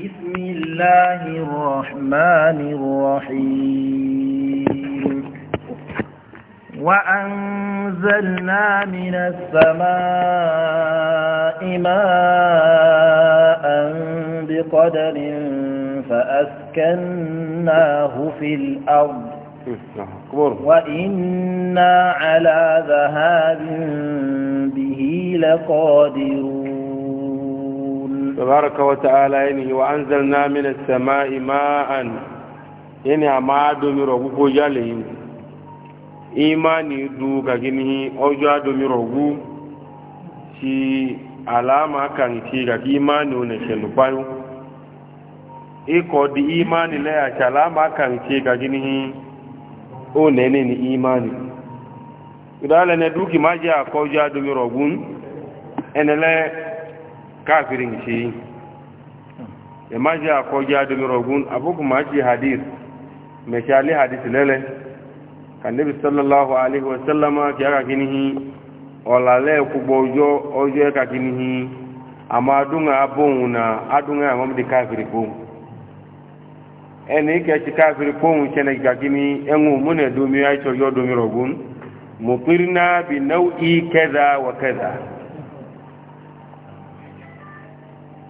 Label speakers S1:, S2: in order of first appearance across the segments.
S1: بسم الله الرحمن الرحيم وأنزلنا من السماء ماء بقدر فأسكناه في الأرض وإنا على ذهاب به لقادرون
S2: تبارك وتعالى إنه وأنزلنا من السماء ماء إنه ما دمر وقو جالهم إيماني دو كجنه أجا دمر وقو شي alama kan ti ga imani ne ke lubayo iko di imani le ya ci alama kan ti ga ginihi o ne ne ni imani idala ne duki maji akoja domi rogun enele kafirin shi ya maji a kogi adini rogun abubu maji hadis mai shali hadis lele kan nabi sallallahu alaihi wasallama ki aka kinihi ọlalẹ kugbo ojo ojo aka kinihi ama adunga abohun na adunga amam di kafiri ko ẹni kẹsì kafiri kohun kẹnẹ gagini ẹnwó múnẹ domi aisọ yọ domi rogun mupirina bi nau'i kẹza wa kẹza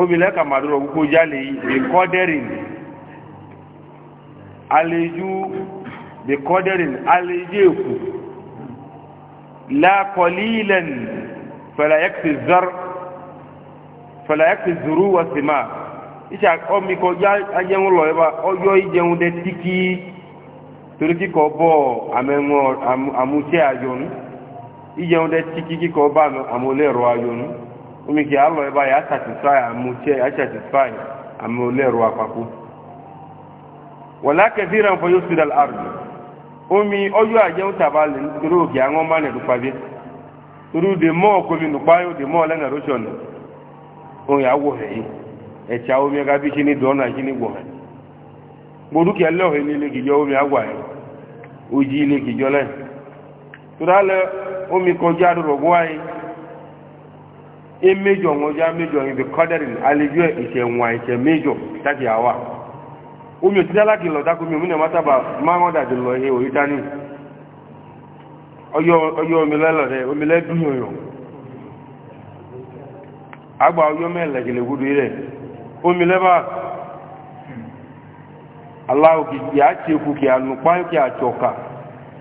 S2: obìnrin ẹ̀ka màdúrà gbogbo jálè bìkọ́dẹ́rìn àlejò bìkọ́dẹ́rìn àlejò èkó lákọ̀lílẹ̀n fẹ̀lẹ́ẹ̀kì zuru wà sí máa iṣẹ́ ọmọ ìkọjá ajẹun lọ ẹba ọjọ́ ìjẹun dẹ tíkí torí kíkọ bọ́ àmúṣẹ́ àjọ̀nú ìjẹun dẹ tíkí kíkọ bá àmúlẹ̀rọ àjọ̀nú omi kì á ya ẹ báyìí á satisfy àmú tí satisfy àmú lẹ́rù àpapọ̀ wọ̀lá kẹfì rẹ̀ ń fọ omi ọjọ́ àjẹun tàbá lè nítorí òkè àwọn máa nẹ̀ dùpá bí torí de mọ́ ọkọ̀mi nùpá yóò de mọ́ ọlẹ́nà rọ́ṣọ̀ nù òun yà wọ̀ ẹ̀ yìí omi e mejọ ŋɔdza mejọ ibi kɔdɛri alidu ìṣe ŋwa ìṣe mejọ taki awa omi òtítà láti lọ dákú mi omi náà lọ ihe òyí dání ọyọ omi lẹlọ rẹ omi agba ọyọ mẹlẹ gẹlẹ gudu rẹ omi lẹba aláwọ kìkì àtìkù kì ànùpá kì àtsọka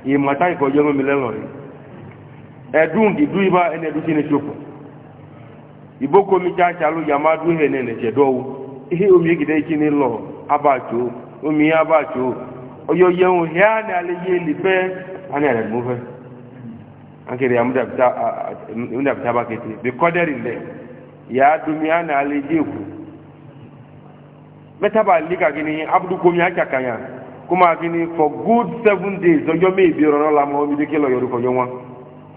S2: ìmọ̀tá ìkọjọ́ omi lẹlọ ẹni igboko omicha achalụ ya amadụ ihe na-enechedowu ihe omegide chi n'ịlọ abacho omihe abacho onye onye nwụ hịa na-alịghị elipe anyara emume akịrị ya mdapụta bakịtị bikọderile ya dumi a na-alịghị ekwu metabali ka gịnị abụdukwu omi achaka ya kuma gịnị for good seven days ọjọ́ mẹ́ẹ̀bí rọrọ la mọ́ omi dókè lọ yorùkọ̀ yọ wọn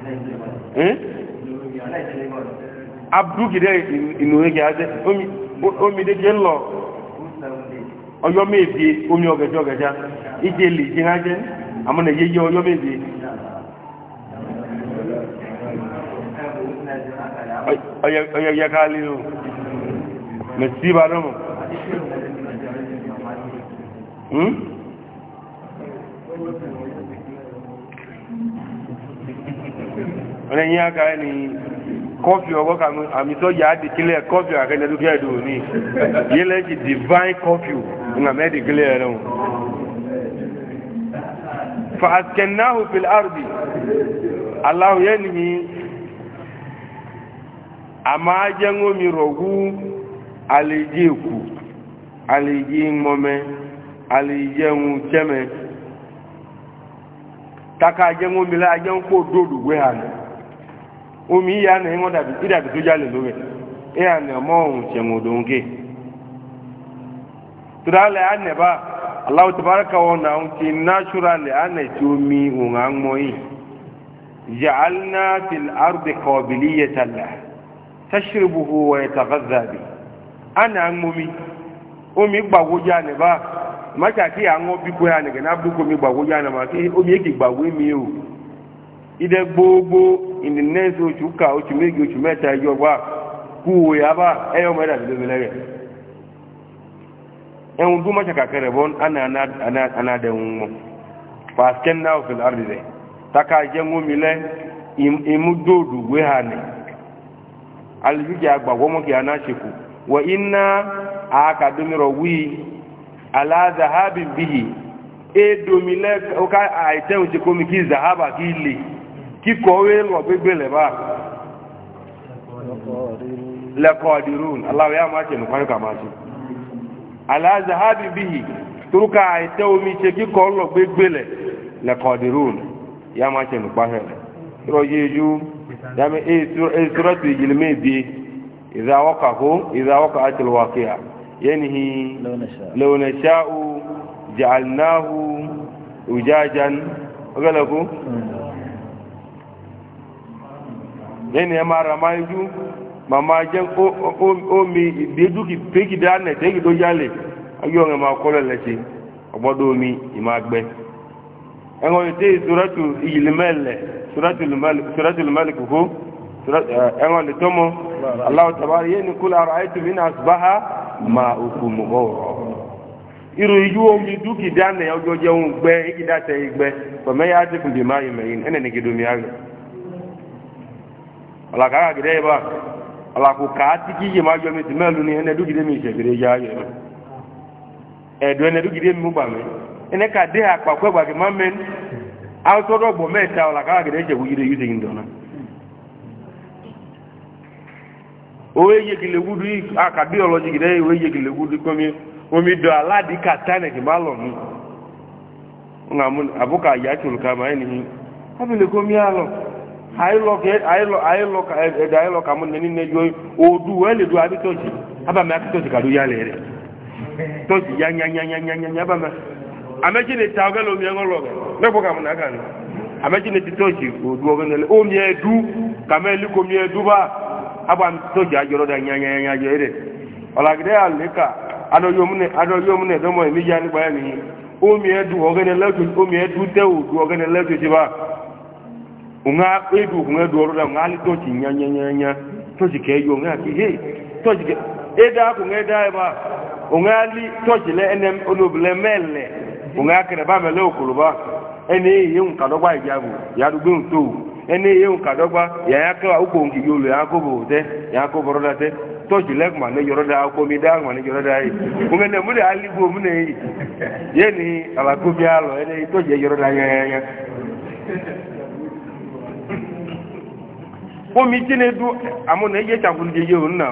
S2: Hmm? abdugide ìnùwéjì adé omi dédé lọ ọyọ méje omi ọgẹjẹ ọgẹjẹ je èlè jẹ ajẹ àmọ nà yẹyẹ ọ̀nà yín aka ni kọfí ọgọ́ ka àmì sọ́jà á di kílẹ̀ kọfí akẹ́nẹ́ dúkìá ẹ̀dùn òní yẹlẹ́ ti divine kọfí nga mẹ́ di kílẹ̀ ẹ̀rọ. fa askennahu fil ardi alahu yẹn ni àmà jẹ́ngómi rọ̀gú àlejò èkó àlejò ńmọ́mẹ́ àlejò ẹ̀hún tẹ́mẹ́ taka jẹ́ngómi la jẹ́ngó kó dòdò gbé hàn. omi ya na ẹ̀wọ̀n dabi tí dàbí tó jálè lórí n'a àná ọmọ òun ṣẹ̀wọ̀n òdòun gé tura lẹ̀ na bá aláwọ̀ tó bára kàwọ́ náà ya omi òun à ń ya yìí jàálínà ti àrùbẹ̀ kọ̀ọ̀bìlì yẹ tàlà tẹ́ṣirìbùhù wọ̀ ẹ̀ tàfàzàbì omi mi omi mi o. ide gbogbo ìnìnẹ́sì oṣù ká oṣù méjì oṣù mẹ́ta ẹjọ́ wà kú òyàbá ẹyọ mẹ́ta ti lóbi lẹ́rẹ̀ ẹ̀hùn tó mọ́ṣà kàkẹrẹ̀ bọ́n anádẹ̀hùn wọn fàskẹ́ òfin àrídẹ̀ taka jẹ́ ngómi lẹ́ ìmúdòdù gbé hà ní alìfíjẹ́ àgbàgbọ́mọ́kì anáṣekù wọ iná àkàdómìrọ̀ wí aláàzàhábì bíyì édomi lẹ́ àìtẹ́hùn ti kómi kí zàhábà kí lè kíkọ̀wé lọ̀gbégbé lẹ̀bá lẹ́kọ̀ọ́dìrún aláwọ̀ yá máa tẹ̀lú kwányùkà máa ṣe aláàzàhábì bíhì túrúkà àìtẹ́ omi ṣe kíkọ̀ lọ̀gbégbé lẹ̀ lẹ́kọ̀ọ́dìrún yá máa tẹ̀lú kwányùkà ìrọ̀yẹ́jú dámi èsúrọ̀tù eh, eh, ìjìlmẹ́ bí ìzáwọ́kàkó ìzáwọ́kà àtìlwàkíyà yẹ́nìhì lẹ́wọ̀nẹ̀ṣáù jàlnáhù òjájan ọgọ́lẹ́kú nene ya mara maiju mama jen o mi dedu ki peki da ne te ki do jale ayo nge ma ko le le ti obodo mi ima gbe en o te suratu ilmele suratu ilmele suratu ilmele ko eh, en o le tomo allah tabar yen kul ara'aytum in asbaha ma'ukum ghawra iru iju o mi duki da ne ojo je un gbe ki da te igbe ko me ya ti kun bi ma yi me yin ene ni ki do mi agbe alakara gida yi ba alaku ka tiki yi ma yomi ti melu ni ene dugide mi se gide ya yero edo ene dugide mi ba mi ene ka de akpa kwe gba ke ma men auto do gbo meta alakara gida je wuyire yuse indo na owe ye kile gudu aka biology gide owe ngamun abuka ya chulka ma eni abile komi alo ẹ̀dà ayélọ́kà mọ́ nínú ẹjọ́ odú ẹ̀lẹ́dù àbí tọ́jì ta aga àlẹ́kà ìmíjà nìyí omi omi tẹ́ ti bá nga edu nga doro da nga to ci nya nya nya nya to ci ke yo nga ki he to ci e eda ku nga da ba nga li to ci le enem ono ble mele nga kre ba mele okulu ba ene yi un ka ya du gun to ene yi un ya ya ka ngi yo ya te ya ko boro da te to ci le ma ne yoro da ko bomi jene du amu na ye chakun je ye unna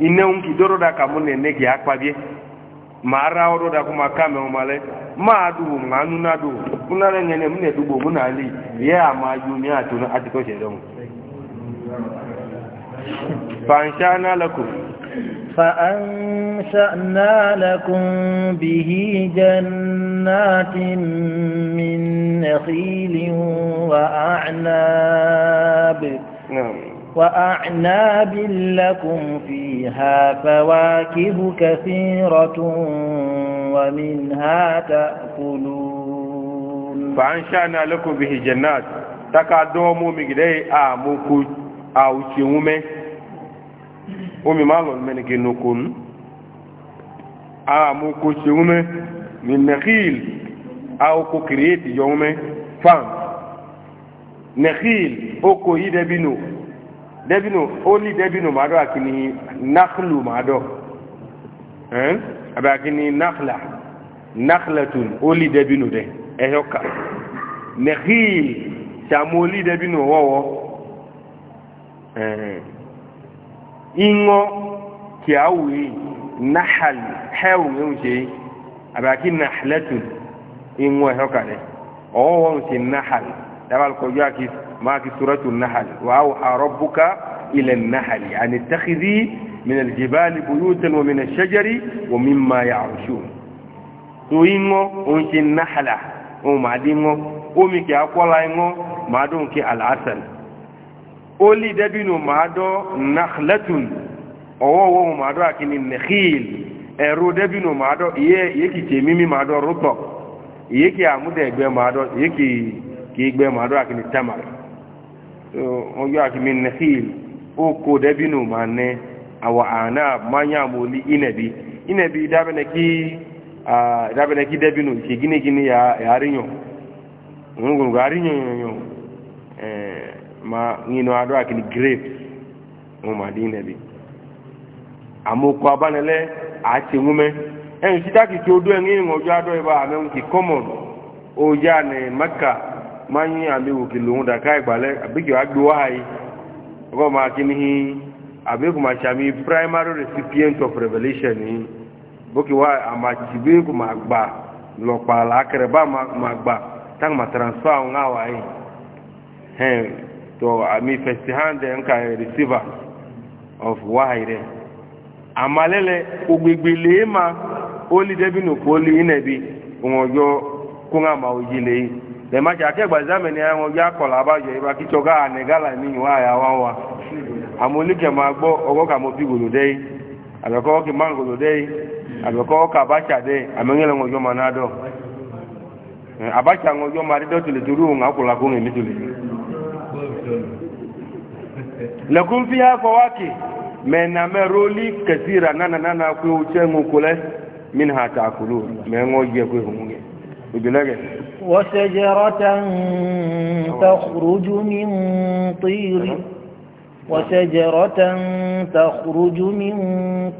S2: inne un ki doro da ka mun ne ki akpa bi ma ra oro da kuma kame o male ma du ma nu na du ne ne du bo ali ye ama ju mi na ati ko se don fanshana
S1: فأنشأنا لكم به جنات من نخيل وأعناب نعم وأعناب لكم فيها فواكه كثيرة ومنها تأكلون
S2: فأنشأنا لكم به جنات تكادومو مجدي آموكو أو شيومي omi ma lọ mẹni kí nukun àmúkò ṣe wúmẹ́ min nakhil àwòkò nekhil oko yi debino debino only debino mado akini nakhlu mado eh abe akini nakhla nakhlatun only debino de ehoka nekhil chamoli debino wowo eh ingo kiawi nahal hewu ngeuje abe akini nahlatun ingo ehoka de owo nti nahal dabal ko jaki ma ki suratu an-nahl wa awha rabbuka ila an-nahl an ittakhidhi min al-jibali buyutan wa min ash-shajari wa mimma ya'rushun to ingo on tin nahla o ma dingo o mi ki akola ingo ma don ki al-asal oli dabinu ma do nakhlatun owo wo ma do akini nakhil ẹ̀rù dẹ́bìnù máa dọ́ iye kìí tèmí mi máa dọ́ rútọ̀ iye kìí àmúdẹ̀gbẹ́ máa dọ́ iye kìí kì í gbẹ màdúrà àkìní tamar wọn yọ àkìní nahil ó kó dẹbìnú nẹ àwọn àná mányàmólì kí ma nínú àdúrà àkìní grapes wọn màá dín inẹbi àmókò abánilẹ àti ńwúmẹ ẹnìtí dákìtì odó ẹ̀ńgẹ́ ìwọ̀njọ́ adọ́ ìbá àmẹ́hùn ti kọ́mọ̀n ó yá ní mẹ́kà. manyi abiku kilungu daka igbale abiki agbiwai ogo ma kini hi abiku ma ami primary recipient of revelation ni boki wa ama chibi ku ma gba lo pa la kere ba ma ma gba tang ma transfer nga wa yi he to ami first hand en ka receiver of wahire amalele ogbegbele ma oli debinu ko oli inebi won yo ko nga ma oyi leyi nemacha akegba examini ya nwe gị akọla abajo ebe akịcha ọga ha negala n'ihi nwaanyị awa nwa amolike ma gbọ ọgọ ka mopi golodei abịakọ ka man golodei abịakọ ka abacha dei amenyele nwe jọma na adọ abacha nwe jọma dị dọtụli turu nwa akwụla ka ụmụ emitụli lekun fi ha kọwaki mena meroli kesira nana nana kwe uche nwe kwule min ha ta akulu me nwe oji ekwe hụmụ gị ibilege
S1: وشجرة تخرج من طير وشجرة تخرج من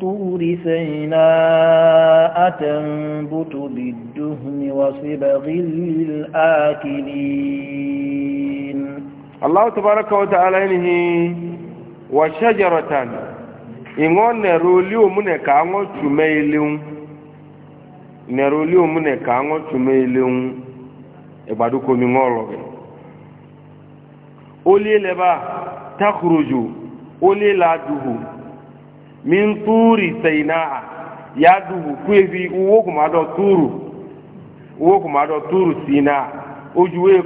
S1: طور سيناء تنبت بالدهن وصبغ للآكلين
S2: الله تبارك وتعالى إنه وشجرة إنه نروليو منك عنه تميليو نروليو منك عنه تميليو ìgbàdúkọ mi ńọ́ lọ bẹ̀. ó lé lẹ́bà tákùrọ̀jù ó lé mi ń túrì sẹ̀yìnà yàádùhù kú èfi owó kò túrù owó kò túrù sínà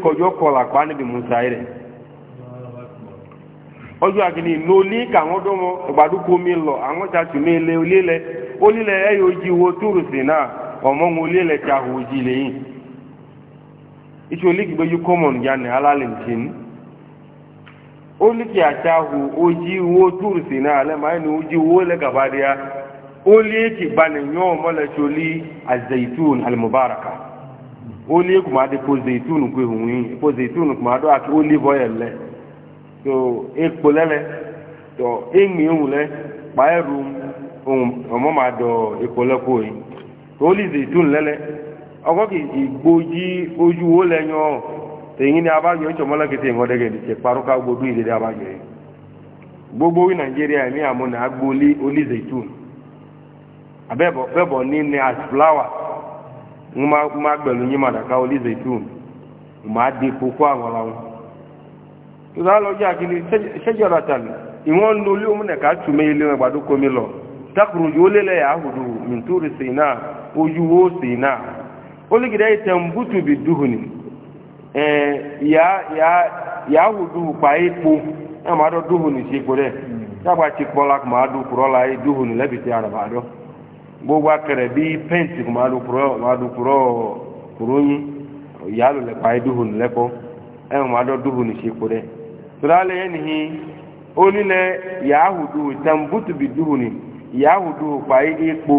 S2: kọjọ́ kọlà musa rẹ̀ ọjọ́ àgìní lólí kàwọn dọ́mọ ìgbàdúkọ mi lọ àwọn tàtù mi lé olílẹ̀ olílẹ̀ ẹ̀yọ́ jí wo túrù sínà ọmọ icho liki be yu common yani halalin tin o liki achahu oji wo tursi na ale ma ni oji wo le gabadia o liki bani nyo mo le choli azaitun almubaraka o liki kuma de ko zaitun ko huwi ko zaitun kuma do ak olive oil le to epo lele to emi ohun le pa eru ohun omo ma do epo le ko yi to li zaitun lele ọgọ́kì ìgbòjì ojú wo lẹ́yìn ọ̀rùn tèyí ni abájọ ìṣọ̀mọ́ lẹ́kẹ̀tẹ̀ ìmọ̀dẹ́gẹ̀ lè ṣe parọ́ká gbogbo ìdílé abájọ yìí gbogbo wí nàìjíríà ní àmúnà agbóolé olízeitun abẹ́bọ̀ ní ní asflawa ń má gbẹ̀lú yín màdàká olízeitun mà á di kókó àwọn ọ̀làwọn. tó dáa lọ jẹ́ àkíní ṣẹ́jọ́ra tà ní ìwọ́n ń lo olé òmùnẹ̀ká oligide ite mbutu bi duhuni eh ya ya ya hudu pa ipo e ma do duhuni si pore ta ba ti pola ma du kuro la i duhuni le bi ti ara ba do gbogbo akere bi paint ma du kuro ma du kuro kuro ya lo le pa duhuni le ko e ma do duhuni si pore turale ni onile ya hudu tambutu bi duhuni ya hudu pa ipo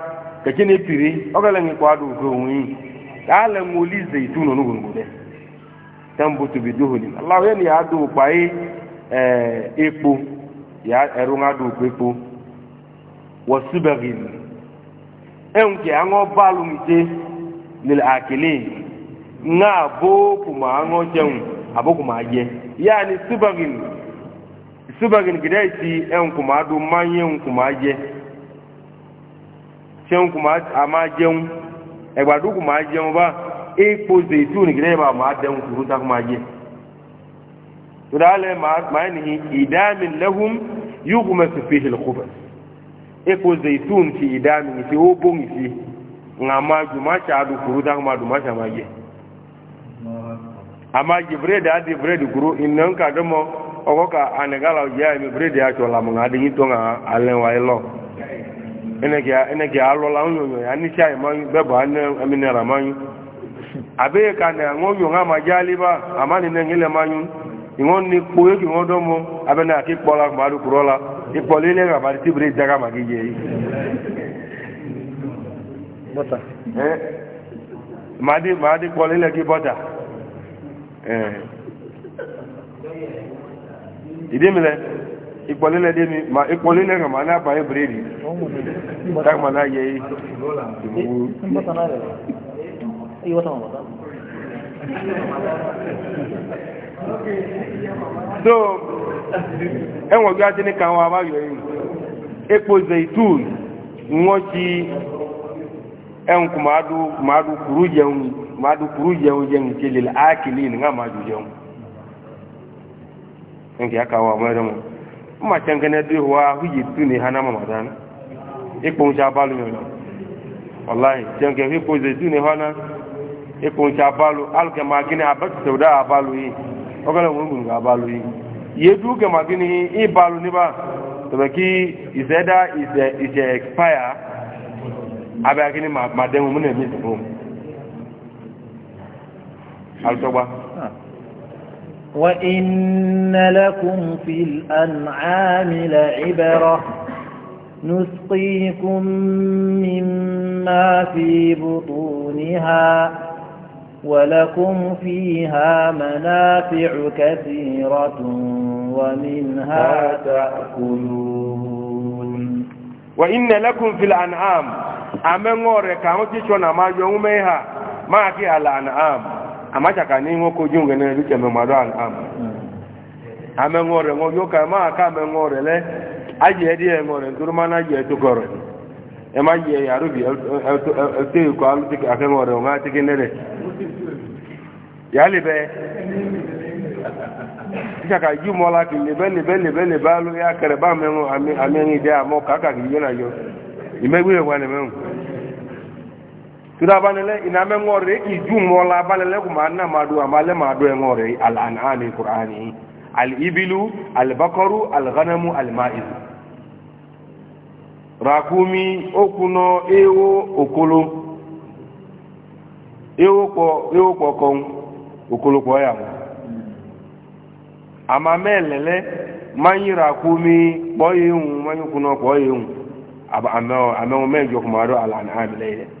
S2: kẹ̀kẹ́ ní pìrí ọgọ́lẹ̀ ní kwádùn òkè òun yìí káàlẹ̀ ka ala ìzẹ̀ ìtú nínú gbogbo tẹ́m̀bù tó bí dóhùn ní aláwọ̀ ni àádọ́ òpá epo ẹ̀rọ àádọ́ òpó epo wọ síbẹ̀rì ní ẹ̀hùn kẹ́ àwọn bá lómìté na àkèlè ní àbókù ni jẹun kò máa a máa jẹun ẹgbàdo kò máa jẹun bá èèpo zètú nìkìlẹ̀ bá máa dẹun kúrú tá kò máa jẹ. tòdà alẹ́ máa ní ìdáàmì lẹ́hùn yóò kò mẹ́sàn fi hìlẹ̀ kó bẹ̀. èèpo zètú ti ìdáàmì ìfi ó bó ń fi ŋà máa dùn máa ṣe àdùn kúrú tá kò máa dùn máa ṣe àmà jẹ. àmà jẹ bírèdì àti bírèdì kúrú ìnà ń kà dọ́mọ ọkọ̀ ka ànàgàlà òjì bírèdì àṣọ làmùnà àdéhìntàn àlẹ́ wa lọ. enegi alụla onyonyo ya n'icha anyị manyụ beba eminara manyụ abịghị ka na ṅụ onyo ama ma ji alịba amani na engele manyụ ịṅụ nne kpo egi ṅụ dọmụ abịa na aka ịkpọla mmadụ ịkpọla ile abalị tibiri daga ma gị ma dị kpọla ile gị bọta ikpɔlele de mi ma ikpɔlele ŋa ma n'a ba ye bere de k'a ma n'a ye ye. so ɛŋɔ e bi ati ni kan wa a b'a yɔ ye ekpo zeitun ŋɔtsi ɛŋ do kuma do kuru jɛun kuma do kuru jɛun jɛun tele la a kele nin k'a ma ju jɛun. ɛn kì í a mma chankene du wa huyi tuni hana mamadan ikpo balu yo wallahi chanke hi po ze hana ikpo balu alke magine abat sauda yi ogala mungu ga abalu yi yedu ke balu ni ba to be ki ise uh, uh, expire madem mun ne
S1: وإن لكم في الأنعام لعبرة نسقيكم مما في بطونها ولكم فيها منافع كثيرة ومنها تأكلون
S2: وإن لكم في الأنعام أمن غورك أمكي شونا ما يوميها ما في الأنعام amachaka ni ihe nwoke oji ngene eruche mmadụ am amenwore nwoke ụka ma aka amenwore le aji edi enwore ntụrụ mana aji etokọrọ ema ji ya rubi eteiko e- e- e- alụtiki aka enwore nwa atiki nere ya libe chaka ji mọla ka libe libe libe libe alụ ya kere ba amenwu amenwu ide amụ ka aka gị na yo imegbu ihe gwa na emenwu tura banele ina me ngore ki jumo la banele ku manna madu amale madu e ngore al anami qur'ani al ibilu al al ghanamu al ma'iz rakumi okuno ewo okolo ewo ko ewo ko kon okolo ko ya mo ama melele manyi rakumi boyun manyi kuno boyun aba mejo kumaro al anami leile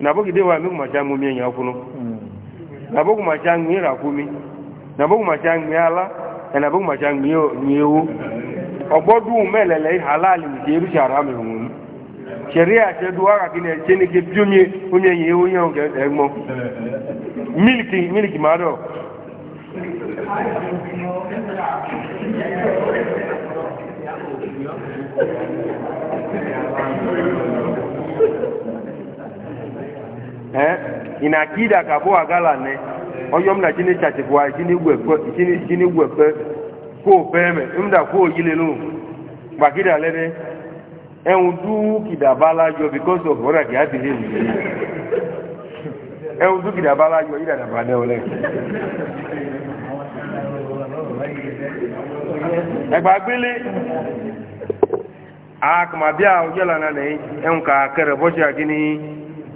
S2: de wa mi kuma ca mu mi enya kunu hmm. nabo kuma ca ŋmii ra kumi nabo kuma ca ŋmii ala nabo kuma ca ŋmii ewu ɔgbɔdun mɛlɛlɛ halali mi se erusi ara mi ŋun sariya se du aka ke pio mi o mi enya ewu eh, miliki miliki maro. eh ina akida ka bo agala ne oyom na jini chache kwa jini wepe jini jini wepe ko peme mda ko yile lo bakida lede ehun du kidabala yo because of ora ki ati him ehun du kidabala yo ida da bane ole egbagbele akuma bia ojola na ne ehun ka kere bo sha gini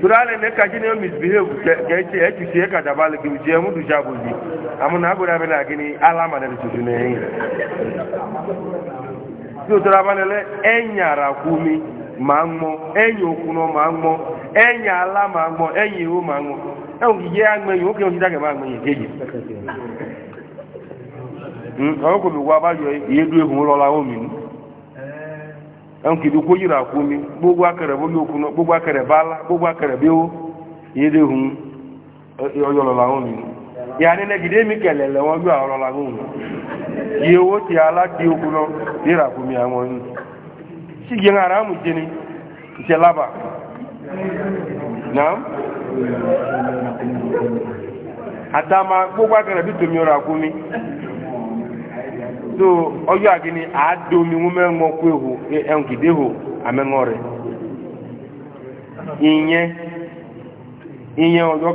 S2: turale ne ka gini misbehave ka eche echuchie ka dabali gị ujie mụ duja bụ ji amụ na agbụrụ abịa na gịnị ala madara tutu na enyi ara kú mi máa ń mọ́ ẹ̀yìn enyi náà máa ń mọ́ ẹ̀yìn alá máa ń mọ́ ẹ̀yìn ìhó máa ń mọ́ ẹ̀hùn kì í jẹ́ mi nkidi kwo yiri akwu mi gbogbo akara gbogbo gbogbo bewo yede hun oyolola hun ya ni mi kelele won gba orola hun ya ye wo ti ala ti ya no yiri akwu mi awon ni si je ngara mu jini laba naam gbogbo akara bi to mi mi so ọjọ́ àgínní àádọ́mi mẹ́ngọ́ ehu amẹ́ngọ́ rẹ̀ ìyẹn ìyẹn ọjọ́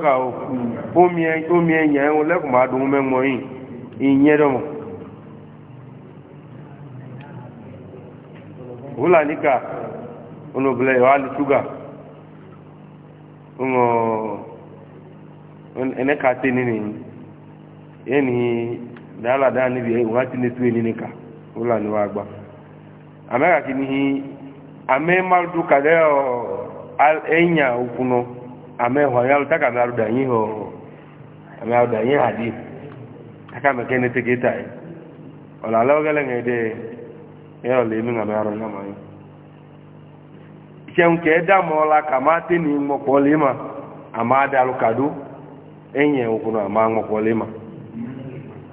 S2: omi ẹ̀hún lẹ́kùn máa mẹ́ngọ́ yìí ìyẹn wúlà níkà ṣúgà tẹ́ da ala da níbi ẹ̀yìn wọ́n ti ní túwé nínú ká ó là ní wá gbá amẹ́ka kì ní amẹ́ máa dún kàdẹ́ ẹ̀yìn òkun náà amẹ́ ìwà yàrá tákà mi àrùdà yín hàn àmì àrùdà yín àdí tákà mi kẹ́ ní tẹ́kẹ́tà yìí ọ̀là alẹ́ gẹ́lẹ́ ń ẹ̀dẹ́ ẹ̀rọ lèmi àmì àrùn náà máa yín ìṣẹ̀hùn kẹ́ẹ́ dààmú ọ̀la kà máa tẹ́ ní mọ̀pọ̀ lè mà àmà àdàlù kàdó ẹ̀yìn òkun náà máa mọ̀pọ̀ lè mà.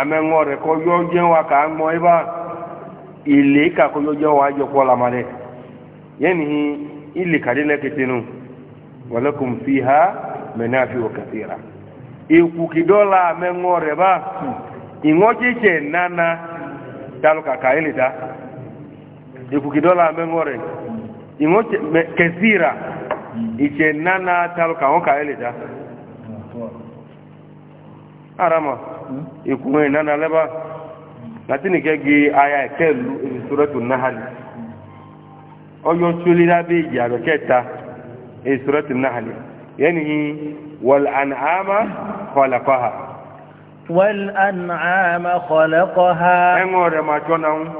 S2: amẹ́ŋọ́ rẹ̀ kọ́ yọ jẹ́ wa kà ń mọ́ ibà ilé kà kọ́ yọ jẹ́ wa jọ kọ́ lama dẹ̀ yẹ́nì ilé kàdé lẹ́kẹ̀tẹ̀ nù fi ha mẹ́nà fi wọ́n kàtí ra ìkùkì rẹ̀ bá ìwọ́jẹ́jẹ́ nana dálù kàkà ilé ta ìkùkì dọ́là amẹ́ŋọ́ rẹ̀ ìwọ́jẹ́ kẹsí ra ìjẹ́ nana dálù kàwọn kà ilé ta arama hmm? ikunwe nana leba latini ke gi aya ke lu ibi suratu nahal oyo tuli la bi ya be keta e suratu nahal yani wal an'ama khalaqaha
S1: wal an'ama khalaqaha engore ma jonawun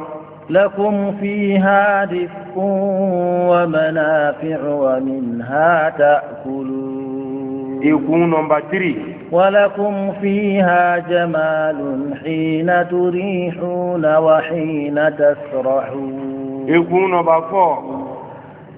S1: لكم فيها دفء ومنافع ومنها تأكلون يكون نمبر 3 ولكم فيها جمال حين تريحون وحين تسرحون يكون بفوق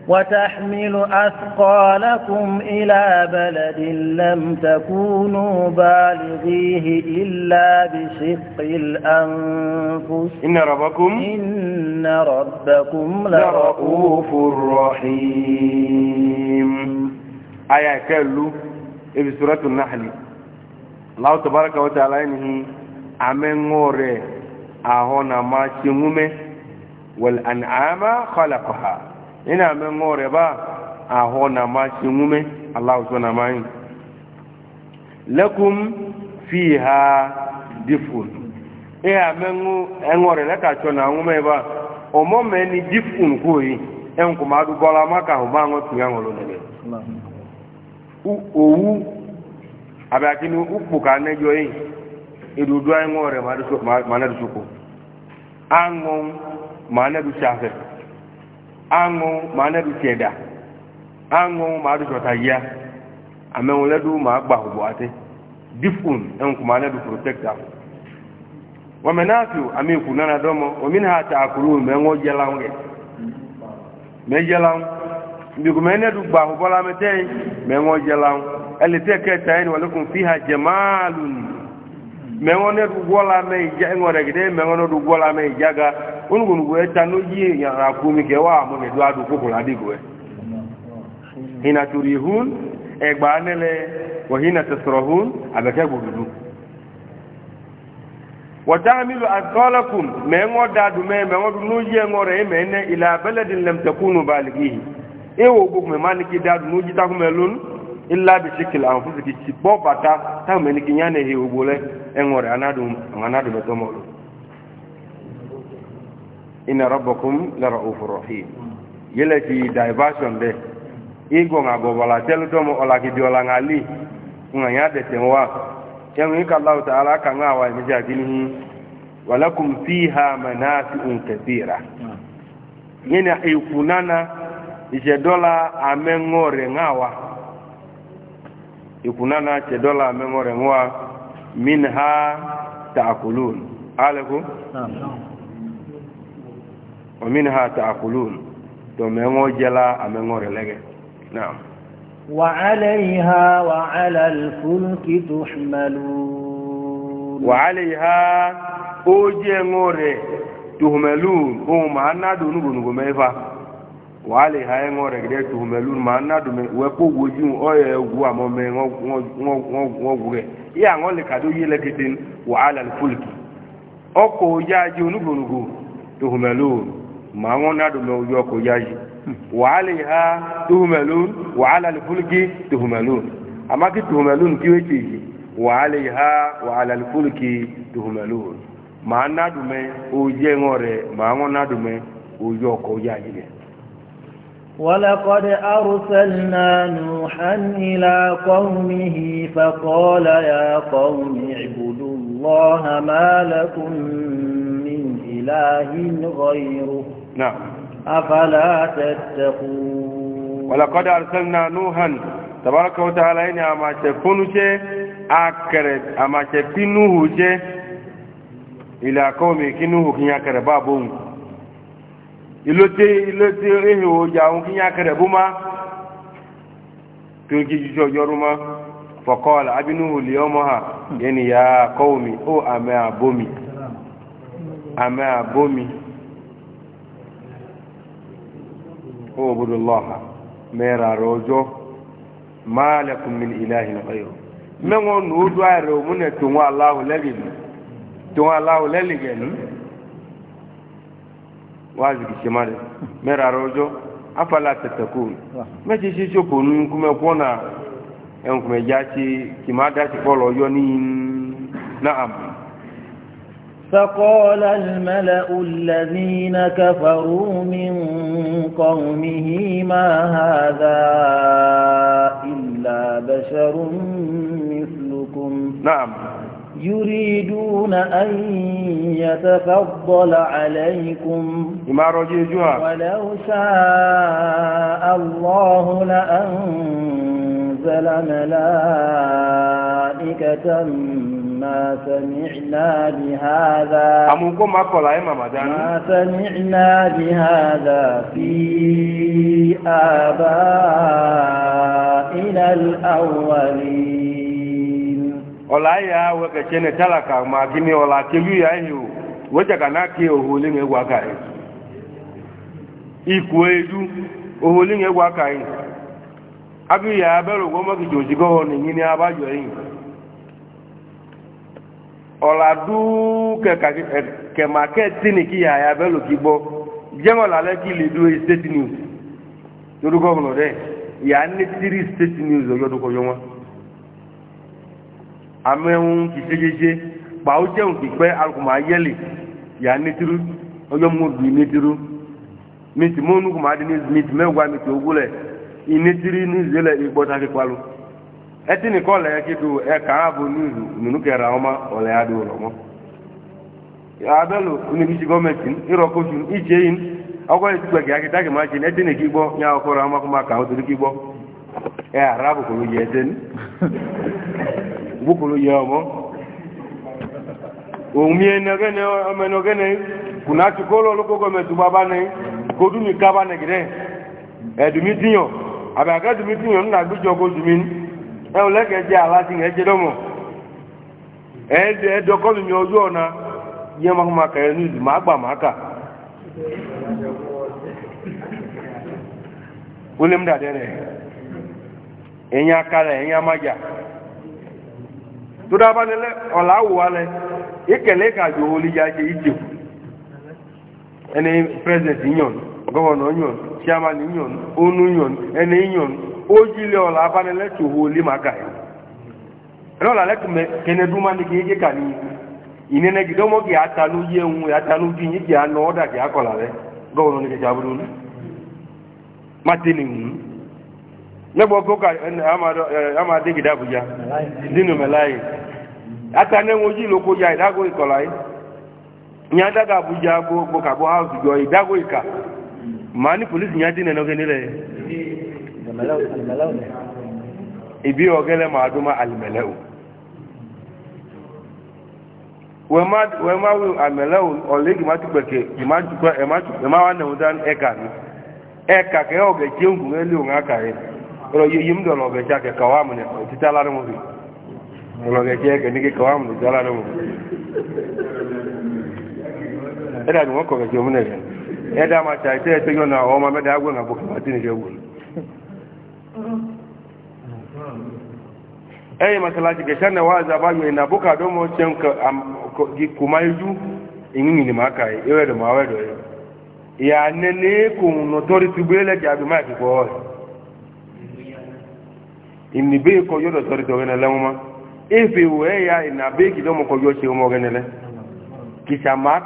S1: وتحمل أثقالكم إلى بلد لم تكونوا بالغيه إلا بشق الأنفس إن ربكم إن ربكم لرؤوف
S2: رحيم آية كالو في سورة النحل Allah tabaraka wa ta'ala nihi amengore ahona ma chingume wal an'ama khalaqaha ina amengore ba ahona ma chingume Allah subhanahu wa ta'ala lakum fiha difun e amengu engore leka chona ngume ba omome ni difun koi en kuma du bola maka hubango tuyangolo nele owu abe akini ukpu ka ne jo yin idu do ay ngore ma du ma na du suku ango ma na du shafe ango ma na du cheda ango ma du shota ya ame won du ma gba hubo ate difun en ku ma na du protector wa manafiu ame ku na domo wa minha ta'kulun me ngo jela nge me jela ngi ku me na du gba la mete me ngo jela nge ẹlẹtẹ kẹta ẹni wà lẹkùn fíhà jẹmaalu mẹwọn ne du gbọla mẹ ìjà ẹwọn rẹ gẹdẹ mẹwọn ne du gbọla mẹ ìjàga onugbonugbo ẹta ní yí yàrá kumi kẹ wà mọ nẹdu adu kókò ládìgò ẹ hìnà torí hun ẹgbàá nílẹ wọ hìnà tẹsọrọ hun abẹkẹ gbòdúdú wàtàmìlù àtọ́lẹ́kùn mẹ́ńgọ́ dàdú mẹ́ mẹ́ńgọ́ dùn lójú ẹ̀ńgọ́ rẹ̀ mẹ́ ní ilà abẹ́lẹ́dì lẹ́mtẹ̀kùnù balùwì ìwò gbogbo mẹ́ má ní kí dàdú lójú takùn mẹ́ lónìí illa bi shikil anfusiki ci bo bata ta meni ki nyane he ubule enore anadu anadu be tomolo inna rabbakum la raufur rahim yele ci diversion de igo nga go bala telu tomo ola ki diola ngali nga nya de tenwa yemi ka allah ta'ala ka nga wa mi jagini walakum fiha manafi'un kathira
S3: hmm.
S2: yene ifunana ijedola amengore ngawa ikunana ce dola memore wa min ha ta'akulun aliku? wa min ha ta'akulun to mengo jela a lege na'am
S1: وعليها وعلى الفلك تحملون وعليها أوجي نوري
S2: تهملون أو ما نادو نغنغو ميفا wàhálì ha ẹ̀ ń ọ̀rẹ́ gẹ́gẹ́ tó ma ń nádùn mi wẹ́ kó wojú ọ̀yẹ́ ewu àmọ́ mẹ́ wọ́n wù rẹ̀ yíyà àwọn lè kàdó yí lẹ́kẹ́tẹ́ wàhálà fúlùkì ọkọ̀ tó ma ń nádùn mi ojú ọkọ̀ wàhálì ha tó wàhálà fúlùkì tó tó ha wàhálà fúlùkì tó ń nádùn ojú ẹ̀
S1: ولقد أرسلنا نوحا إلى قومه فقال يا قوم اعبدوا الله ما لكم من إله غيره نعم أفلا تتقون
S2: ولقد أرسلنا نوحا تبارك وتعالى إني أما شفنوشي أكرت أما شفنوهوشي إلى قومه كنوه كنيا كربابون ilote ilote ehe oja àwọn kinya kere buma to ki jijo joruma fa qala abinuhu liyawmaha yani ya qaumi o ame abomi ame abomi o budullah mera rojo malakum min ilahin ghayru mengo nudu are munatu wallahu lalil to wallahu laligenu waziki shemare mera rojo afala tatakun mechi shi choko nu kume kuona en kume jachi kimada chi polo yoni na'am
S1: فقال الملأ الذين كفروا من قومه ما هذا إلا بشر مثلكم نعم يريدون أن يتفضل عليكم ولو شاء الله لأنزل ملائكة ما سمعنا بهذا ما سمعنا بهذا في آبائنا الأولين
S2: ọla ya wekechie na talaka ma gịnị ọla kelu ya ihe wechaka na aka oholi na egwu aka ya ikuo edu oholi na egwu aka ya abịghị ya abere ugwo mọgiji ojigo ọ na inyi na abajọ ehi ọla dukẹmakẹtì e, ni kí ya ya abẹ lòkì gbọ jẹun ọlalẹ kí lè dúró state news lórúkọ ọmọdé yà á ní three state news ọjọ́ tó amẹ́hún kì jẹ́jẹ́jẹ́ pàó jẹun kì pẹ́ alùpùpù ikpe yà nítorú ọjọ́ mọ́bì nítorú mìtì mọ́nù kùmà dín mìtì mẹ́wàá mìtì ogúnlẹ̀ ìnítorí nízẹ́lẹ̀ ìgbọ́ta kíkpalu ẹtí nìkọ́ lẹ̀ kíkú ẹ̀ka ààbò nízù nínú kẹrẹ àwọn ọmọ ọ̀lẹ́ adé ọ̀lọ́mọ́ abẹ́lò oníkìsí gọ́ọ̀mẹ̀tì ìrọ̀kọ́sù ìjẹ́ yìí ọkọ̀ ìtìgbẹ̀gẹ̀ akíntàkì máa ṣe ní ẹtí gbúkúrú yẹ ọ òun mi ẹnẹgẹ́nẹ ọmọ ẹnẹgẹ́nẹ kùnà ti kó lọ ní kódú mi ká bá nẹ̀gẹ́dẹ́ ẹ̀dùnmí tíyàn àbẹ̀ àkẹ́dùnmí tíyàn nínú àgbéjọ kóṣù mi ẹ̀hùn lẹ́kẹ̀ẹ́ mi ní ìdùmọ̀ àgbà máa kà wọlé mú dàdẹ́ rẹ̀ ẹ̀yìn akára todo abanilɛ ɔla awu alɛ ikele kadu oli ya dze idze ɛnɛ president nyɔn gɔvɔnɔ nyɔn chairman nyɔn onu nyɔn ɛnɛ nyɔn odzile ɔla abanilɛ tso oli ma ga yi ɛnɛ ɔla lɛ kɛmɛ kɛnɛ duma ni ka ni ata nu yie ŋu ata nu di yi anɔ ɔda akɔla lɛ gɔvɔnɔ ni dza bu do lẹ́gbọ́ kókà àmàdé ìdábùjá dínú mẹ́láyé atanẹ́wọ̀n ojú ìlòkó ya ìdágó ìkọ̀lá yìí ní adága àbújá gbogbo kàbọ̀ house jọ ìdágó ìkà ma ní polisi ní adínà náà nílẹ̀ ìbí ọ̀gẹ́lẹ́ máa dún má alìmẹ̀lẹ́wò wọ́n máa wí alìmẹ̀lẹ́wò ọ̀lẹ́gì má túpẹ̀kẹ̀ ìmáwá náà ẹ̀ka ní ẹ̀ka kẹ́ ọ̀gẹ̀ tí ó ń gùn ẹ́ lé òun á kà kọlọ yi mu dọ̀nà ọ̀gẹ̀ jáde kàwá mu nẹ títí alára mu bi ọlọ́gẹ̀ jẹ́ mu nẹ títí alára mu bi ẹ̀dá da wọ́n kọ̀ kẹ̀kẹ́ mu nẹ rẹ̀ ẹ̀dá ma ṣe àìsẹ́ ẹ̀sẹ̀ yọ̀ náà ọmọ mẹ́ta agbọ̀n náà bọ̀ kí wọ́n ti nìkẹ́ wò ni. ini be ko yodo tori to gene lewma ife ya ina be ki do mo ko yo che mo gene le ka ma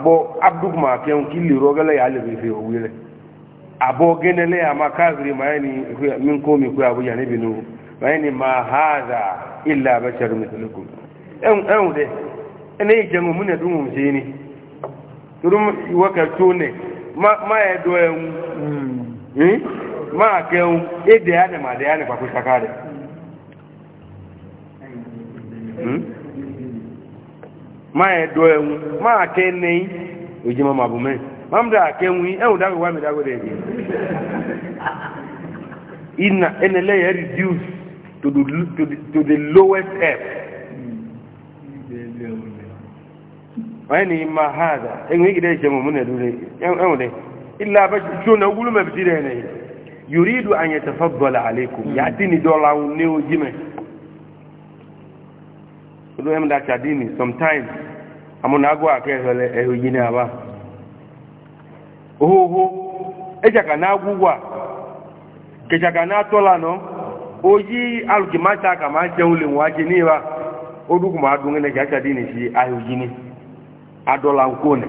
S2: gbọ abduk ma kili ya le be fe o wile abo gene le ama ma mi ko ya ne binu ma yani ma hadha illa basharun mithlukum e máa kẹun èdè ánìmàdé ánìpàkó ṣaká rẹ̀ máa ẹ̀dọ́ ẹ̀hun máa kẹ nẹ́yìn òjì mọ́ màbù mẹ́ máa dà kẹun dágbé wà mí dágbé rẹ̀ ìnà ẹnẹlẹ́yẹ reduce to the, to the, to the lowest step wọ́n ni ma ha dà ẹ̀hùn ìgìdẹ́ ìṣẹ́mọ̀ múnẹ̀ lórí ẹ̀hùn dẹ̀ ilẹ̀ abẹ́ ṣọ́nà ogúlùmẹ̀ bìtì rẹ̀ nẹ̀yìn yuridu an yatafaddala alaykum hmm. yatini dola ne o jime do em da chadini sometimes amuna go ake hele e eh, ho yini aba oho oho e jaka na agugwa ke jaka na tola no oji alkimata ka ma je ule waje ni ba oduku ma dunne ja chadini si ayo yini adola nkone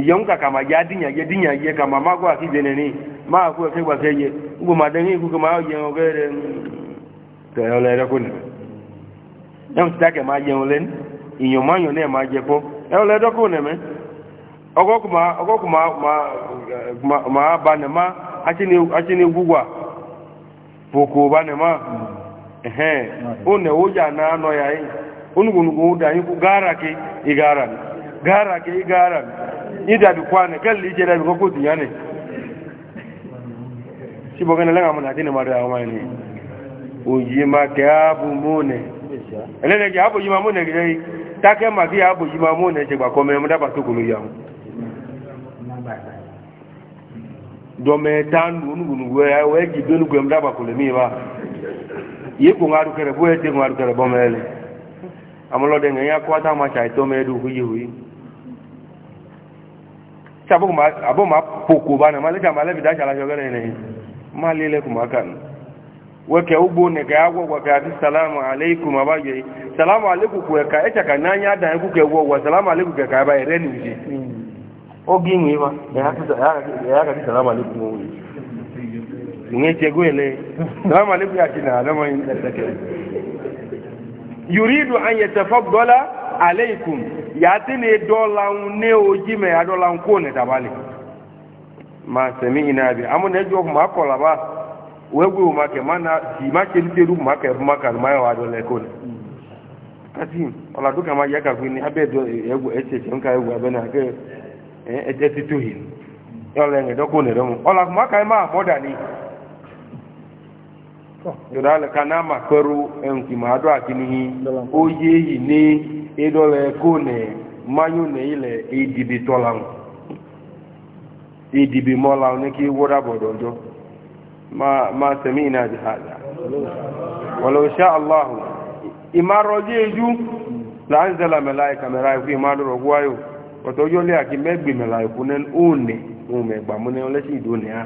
S2: yonka kama ye kama magwa ni. ma ku ke kwa keje ubu madengi ku kama ye ngere to ole ra kun yam stake ma ye olen inyo manyo ne ma je po e do kun me kuma kuma ma ma bane ma gwa achini gugwa poko bane ma ehe mm. na no ya yi onugunugu da yi ku gara ke igara gara ke igara idabi kwane kalli ije dabi ko kudu yane si bo gana langa mun adini mari awon ni oyi ma ke abu mune ele ne ke abu yi ma mune ke dai ta ke ma ke abu yi ma mune je gba ko me mu da ba to gulu yawo do me tan nu nu nu we we ji do nu gwe mu ta bo ma abo ma poko bana ma leka ma lebi dasha la jogere ne ma lele kuma kan weke ubo ne ga agwo gwa ga salamu alaikum abaye salamu alaikum ku ka eta ka nanya da ku ke wo wa salamu alaikum ka ka ba ire ni ji o gini ba ya ka ya aleikum yàtí ni dọ́làun ní ojí mẹ́ adọ́làun kó ní dabali ma sẹ̀mí iná bi amúnà ẹjọ́ ma kọ̀lá bá wẹ́gbẹ́ òun ma kẹ̀ ma na sì má ṣe ní tẹ́rù ma kẹ̀ fún ma kà má yọ adọ́lẹ̀ kó ní. kati ọ̀làdúkà ma yẹ kà fún ni abẹ́ dọ ẹgbẹ́ ẹsẹ̀ ṣẹ̀ ń ka ẹgbẹ́ abẹ́ náà kẹ́ ẹ ẹ ti tó yìí ọ̀là ẹ̀ńgẹ̀dọ́ kó ní rẹ̀ mu ọ̀là kùmá kà má mọ́dà ni yọ̀dálẹ̀ kaná ma pẹ̀rú ẹnkì máa dọ́ àkíníhí ó yé yìí ní ìdọ́lẹ̀ kó nẹ̀ máyún nẹ̀ ilẹ̀ ìdìbì tọ́láhùn ìdìbì mọ́láhùn ní kí wọ́dà bọ̀dọ̀ ọjọ́ ma sẹ̀mí iná àti àjà wọ̀lọ̀ṣá aláhùn ìmárọ̀jú ejú láńzẹ́là mẹ́láìkà mẹ́láìkú ìmádọ̀rọ̀ wáyò ọ̀tọ́jọ́lẹ́ àti mẹ́gbì mẹ́láìkú nẹ́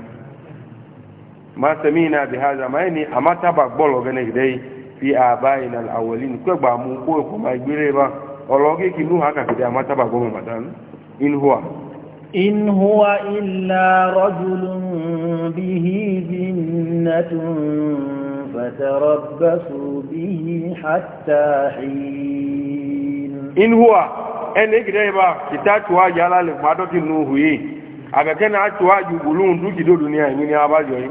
S2: ma samina bi hadha ma yani amata ba gbolo gane dai fi abaina alawalin ko gba mu ko ko ma gbere ba ologe ki nu haka kide amata ba gbolo madan in huwa
S1: in huwa illa rajulun bihi jinnatun fatarabbasu bihi hatta hin in huwa ene
S2: gide ba kitatuwa yalale madoki nuhu yi aga kana atuwa jugulun duki do duniya ni ni abajo yi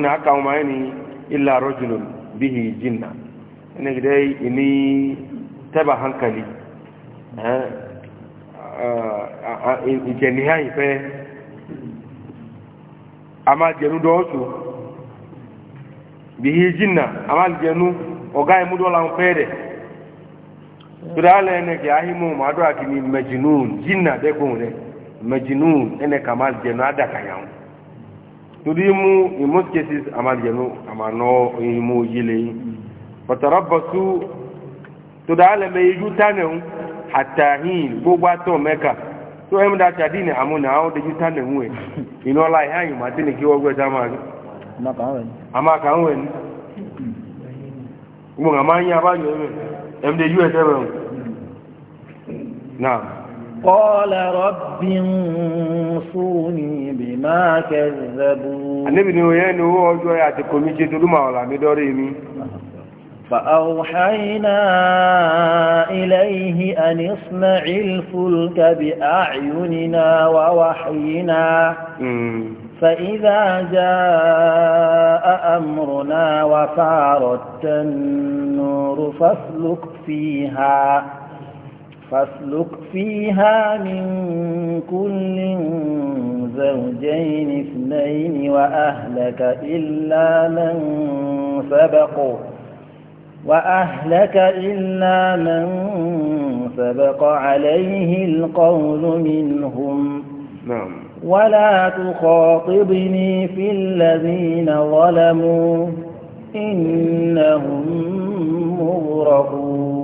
S2: na aka ya ni illa rajulun bihi jinna ina gidai ini taba hankali ha ìfẹ́ a máa jẹ̀nu dọ́ọ̀tù bí i jìnnà a máa jẹ̀nu ọ̀gá ìmúdọ́lá ń fẹ́ rẹ̀ tùdálẹ̀ ẹnẹ̀kẹ̀ ahìmọ̀ màádọ́ àti ni mẹjìnún jìnnà dẹ́kùn rẹ̀ mẹjìnún ẹnẹ̀kà máa adaka adàkàyàwó torí mu in most cases a ma jẹnu a ma nọ oyin mu yile yi pọtara bọsu to atahin gbogbo ato mẹka to ẹmu da ṣadi ni amu na awọn deju tanẹhun ẹ inú ọlá ẹ hàn yìí ma ti ni kí wọn na. dá máa rí ma kà ń wẹ ni gbogbo us ẹ قال رب انصرني بما كذبون النبي نويان هو وجوه يعتكم يجي دلما ولا مدوريمي
S1: فأوحينا إليه أن اصنع الفلك بأعيننا ووحينا فإذا جاء أمرنا وفارت النور فاسلك فيها فاسلك فيها من كل زوجين اثنين وأهلك إلا من سبق وأهلك إلا من سبق عليه القول منهم نعم ولا تخاطبني في الذين ظلموا إنهم مغرقون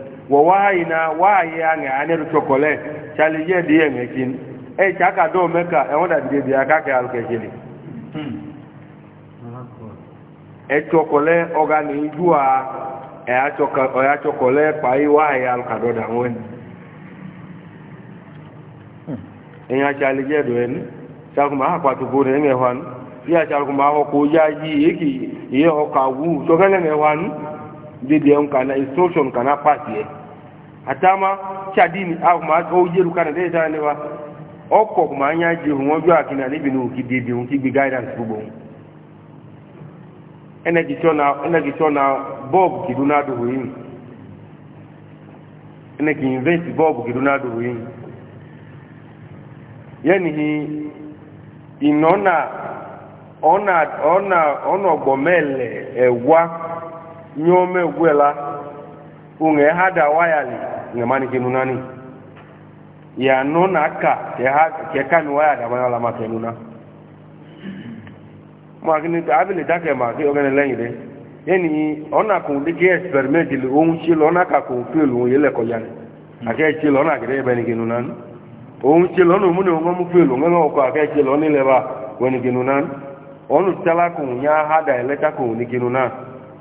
S2: wɔ waayi na waayi aŋɛ ane e, do tsɔkɔlɛ tsali yɛ di yɛ ŋɛ kin eye tsa ka dɔw mɛ ka ɛwɔn da e, didi bi aka kɛ alukɛ tseli etsɔkɔlɛ ɔgani idua ɛya tsɔkɔlɛ kpayi waayi aluka dɔ da ŋɔɛ ɛnya tsali yɛ do yɛ ni tsakuma akpatu ko ne ŋɛ hɔn yíyá tí a kò máa ọkọ̀ ya yí èkì ìyẹ́ ọkọ̀ àwú tó kẹ́lẹ̀ ẹ̀wà ní dédé ẹ̀hùn kàná instruction kàná pàtì ẹ̀ atama chadini au ma o jeru kana de tane wa oko ma nya ji hu ojo akina ni binu kididi un kigbi guidance bugo ene ki tona ene ki tona bob kiduna du huim ene ki invest bob kiduna du huim yani hi inona ona ona ono gbomele ewa nyome gwela unge hada wayali nge mani kinunani ya nona ka ke ha ke kan waya da mala ma kinuna ma kini ta abili ta ke ma ke ogene lenyi de yeni ona ko de ke experiment li on chi lona ka ko pe yele ko yan chi be ni mu ne mu ko ake chi lona le ba weni kinunan onu tala nya hada ele ta ni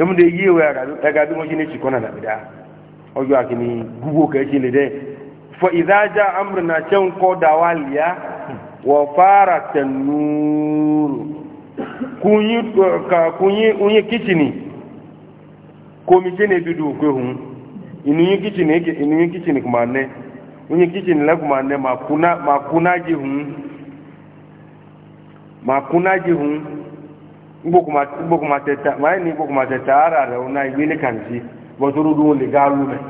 S2: emúdé yí ìwé ẹ̀ka bí wọ́n ṣe ní ṣìkọ́nà dàbídá ọjọ́ àkíní gúgbó kẹ́ẹ̀ṣe lè dẹ́ fọ ìdájá amúrìnà ṣe ń kọ́ dáwà lia wọ́n fara tẹ̀núrù kúnyí kìchìnì kòmíṣẹ́ ní dúdú òkèhùn ìnúyí kìchìnì kùmà nẹ́ onye kichin lẹ́kùnmà ma kunadzi maye na igbokoma ara rẹ̀ ọ̀nà ìgbélé kàǹtì bọ́tọ̀rọ̀ dúró lè le lú mẹ́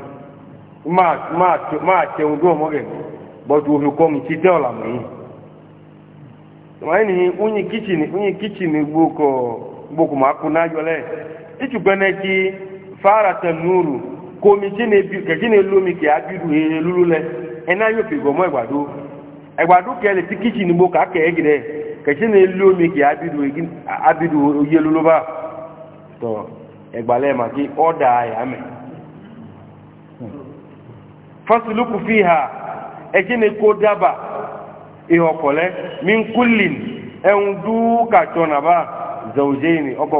S2: máa tẹun dúró mọ́gẹ̀ bọ́tọ̀ òfin kọ́ mi ti tẹ́ ọ̀là mọ́ yìí maye ni unyi kitchen unyi kitchen na fara tẹ nụrụ komi tí ne bi ne lẹ yóò fi ti kẹ̀sí ni ló mi ábìdù oyé ló bá tọ̀ ẹgbàlẹ̀ mà kí ọ́dà àyàmẹ̀ fásilúkù fi ha ẹ̀sí ni kó dábà ìhọ̀kọ̀lẹ́ mi ń kúlìn chọ dúkà tọ̀nàbà zẹ̀wùjẹ́ ni ọkọ̀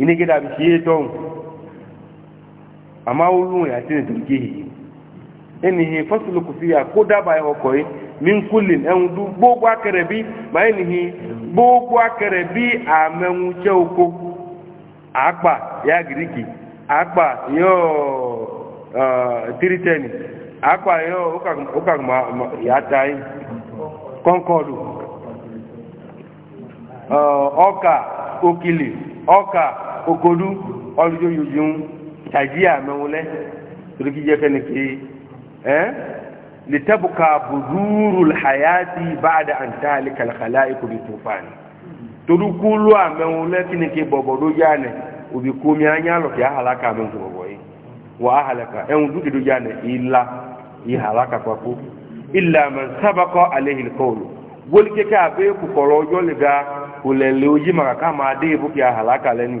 S2: ine gida bi shi a amma wulun ya tini turki yi eni hi ko daba ya hokoi min kullin en eh, gbogbo bi ma eni hi gbogbo bi amenwu oko akpa ya giriki akpa yo uh, akpa ya okodu ɔlùjọ yòyún tàjí àmẹwulẹ torí kí jẹ fẹni ké ẹ litabuka buzuru hayati baada antali kalkala ikubi tufani torí kúlù àmẹwulẹ kí ni ké bọbọdó jáne òbí kómi anyalọ kí ahalaka àmẹwulẹ bọbọ yìí wà ahalaka ẹhùn dúkìdó jáne ìlà ìhalaka pàkó ìlà mẹsàbàkọ àlehìlì kọlù wọlé kékeré àbẹ kòkòrò ọjọ lè ga kò lè lè ojí màkàkà ahalaka lẹ́nu.